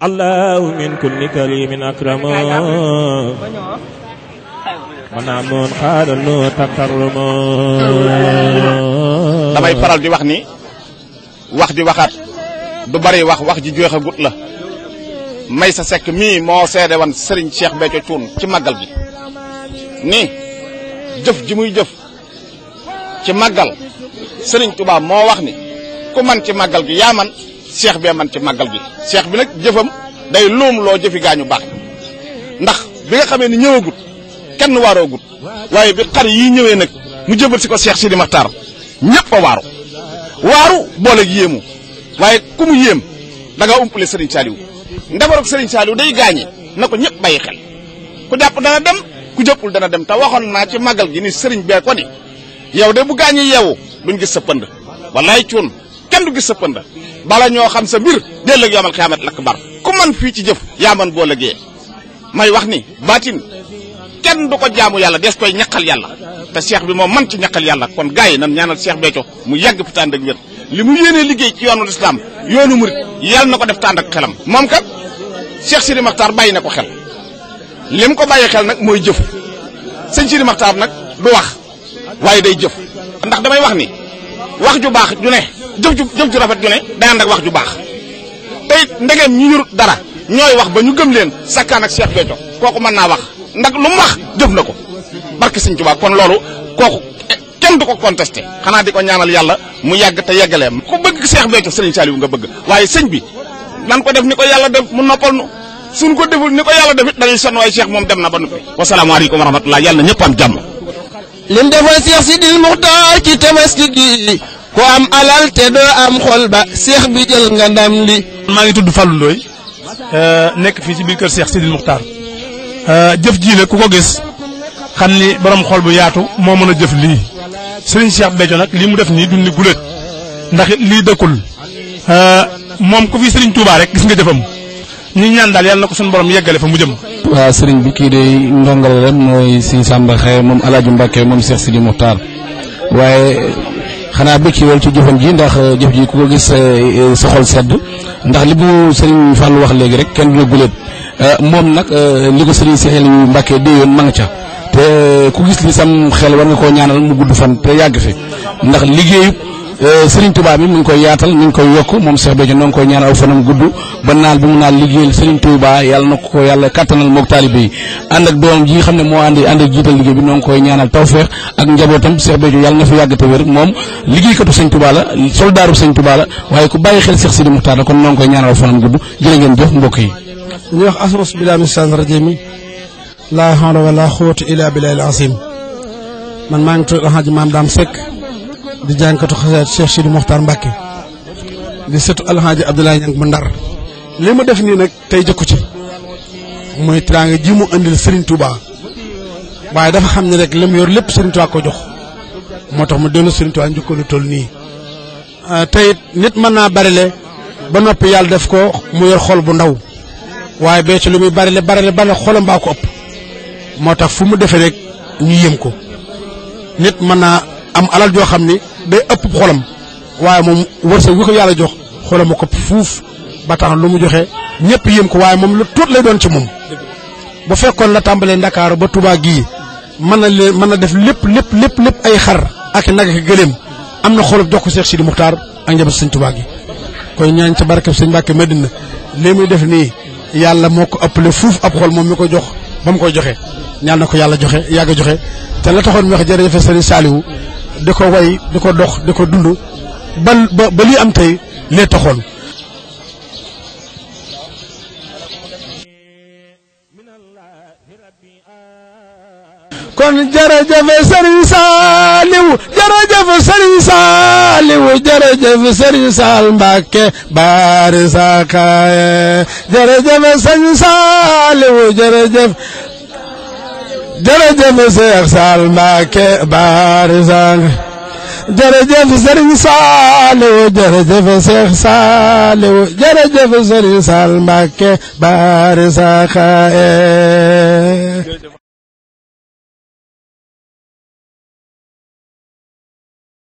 allahu min kulli karimin akramoo maanaam noonu xaaral noo takkarmoo damay faral di wax ni wax di waxaat du bari wax wax ji joxe gut la may sa sekk mii moo seede woon sëriñ Cheikh Béthio Thioune ci màggal gi ni jëf ji muy jëf ci màggal Serigne Touba moo wax ni ku man ci màggal gi yaa man seex bee man ci màggal gi seex bi nag jëfam day loom loo jëfi gaañu baax ndax bi nga xamee ni ñëwagut kenn waaroogut waaye bi xar yii ñëwee nag mu jëbal si ko seex Sidi Maxtaar ñëpp a waaru waaru booleeg yéemu waaye ku mu yéem da ngaa umpale Serigne Saliou ndabaroog Serigne Saliou day gaañe na ko ñëpp bay xel ku jàpp dana dem ku jëppul dana dem te waxoon naa ci màggal gi ni Serigne bee ko ni yow de bu gaañee yeewu duñ gis sa pënd wallaay cuun kenn du gis sa pëndal bala ño xam sa mbir ak yamal xiyaamat lak bar ku man fi ci jëf ya man bo lëgee may wax ni batin kenn du ko jaamu yalla des koy ñakkal yalla te cheikh bi moom man ci ñakkal yalla kon gaay nan ñaanal cheikh becco mu yàgg fu tànd ak wér li mu yéene ci yoonu islam yoonu murid yalla nako def tànd ak xelam mom kat cheikh sidi xel lim ko baye xel nak moy jëf señ sidi nak du wax waye day jëf ndax damay wax ni wax ju bax ju ne jëf ju jëf ju rafet ju ne day ànd ak wax ju baax tay ndegeem ñu ñur dara ñoy wax ba ñu gëm leen sakkan ak Cheikh bejo koku man na wax ndak lu wax jëf nako ko barke Sëñ Tuubaa kon lolu koku eh, kenn du ko contesté xanaa di ko ñaanal yalla mu yagg te yeggale ku bëgg Cheikh bejo Serigne Saliou nga bëgg waye sëñ bi nan ko def niko yalla def mu noppal nu suñ ko deful niko yalla def dañu son way Cheikh mom dem na ba salaamu alaykum wa rahmatullahi yalla ñepp am jamm lim defal Cheikh Sidil muhtar ci tamaski gi ko am alal te do am xol ba cheikh bi jël nga ndam li. ma ngi fallu loy euh nek fi ci bir keur cheikh Sidil euh jëf ji le ku ko gis xamni borom xol bu yaatu mo meuna a jëf lii Serigne Cheikh bejo nak li mu def ni dundi gulet ndax li dekul euh mom ku fi Serigne Touba rek gis nga ñaan borom yeggale fa mu jëm. wa Serigne bi ki de moy Serigne Samba xey mom El mbake mom Cheikh Sidil waye xanaa bëkki wal ci jëfam ji ndax euh, jëf ji ku ko gis euh, euh, sa xol sedd ndax li mu Serigne Fall wax léegi rek kenn duna guléet moom nag li ko Serigne Cheikh Aliou Mbacké déeyoon ma nga ca te ku gis li sam xel war nga koo ñaanal mu gudd fan te yàgg fi ndax liggéeyu Euh, Serigne Touba bi mu ngi koy yaatal mu ngi koy yokk moom Cheikh Béthio ñoo ngi koy ñaan aw fanam gudd ba naal bi mu naal liggéeyal Serigne Touba yàlla na ko yàlla kattanal moog taalibe yi ànd ak doom ji xam ne moo ànd ànd ak jiital liggéey bi ñoo ngi koy ñaanal tawfeex ak njabootam Cheikh Béthio yàlla na fi yàgg te wér moom liggéeykatu Serigne Touba la soldaaru Serigne Touba la waaye ku bàyyi xel Cheikh Sidi Moukhtar la kon ñoo ngi koy ñaanal aw fanam gudd jërë ngeen jëf mbokk yi ñu wax asros bilaa min saan rajimi laa hawla maa ngi tudd Alhaji Maam Daam di jànkatu xasaat Cheikh Sidi Mokhtar Mbacke di sëtu alxaaji Abdoulaye Niang bu Ndar li mu def nii nag tey jëkku ci mooy tiraanga ji mu andil Serigne Touba waaye dafa xam ne rek li mu yor lépp Serigne Touba ko jox moo tax mu dellu Serigne Touba njëkkoon toll nii ah, tey nit mën naa le ba noppi yàlla def ko mu yor xol bu ndaw waaye bee ci lu muy barile le ba xolam baa ko ëpp moo tax fu mu defee rek ñu yëm ko nit mën naa am alal joo xam ni day ëpp xolam waaye moom wërsëg wi ko yàlla jox xolam ko fuuf ba lu mu joxe ñëpp yéem ko waaye moom lu tuut lay doon ci moom. bu fekkoon la tàmbalee Ndakaaru ba Touba gii mën na leen mën na def lépp lépp lépp lépp ay xar ak nag ak gëléem am na xolub jox ko Cheikh Sidi Muxtaar ak njaboot Sëñ Touba gi. koy ñaan ca barkeb Sëñ Mbàkke Madina li muy def nii yàlla moo ko ëpp ëppale fuuf ab xol moom mi ko jox ba mu koy joxe ñaan na ko yàlla joxe yàgg joxe te la taxoon mi wax jërëjëf Sëriñ Saaliwu di ko way di ko dox di ko dund ba ba lii am tey lee taxoon kon jërëjëf Serigne Saliou jërëjëf Serigne Saliou jërëjëf Serigne Saliou Mbacke bari sa kaye jërëjëf Serigne Saliou jërëjëf jërëjëf Seex Saal Mbàkke baari sang jërëjëf Sëriñ Saaliw jërëjëf Seex Saaliw jërëjëf Sëriñ Saal Mbàkke baari sang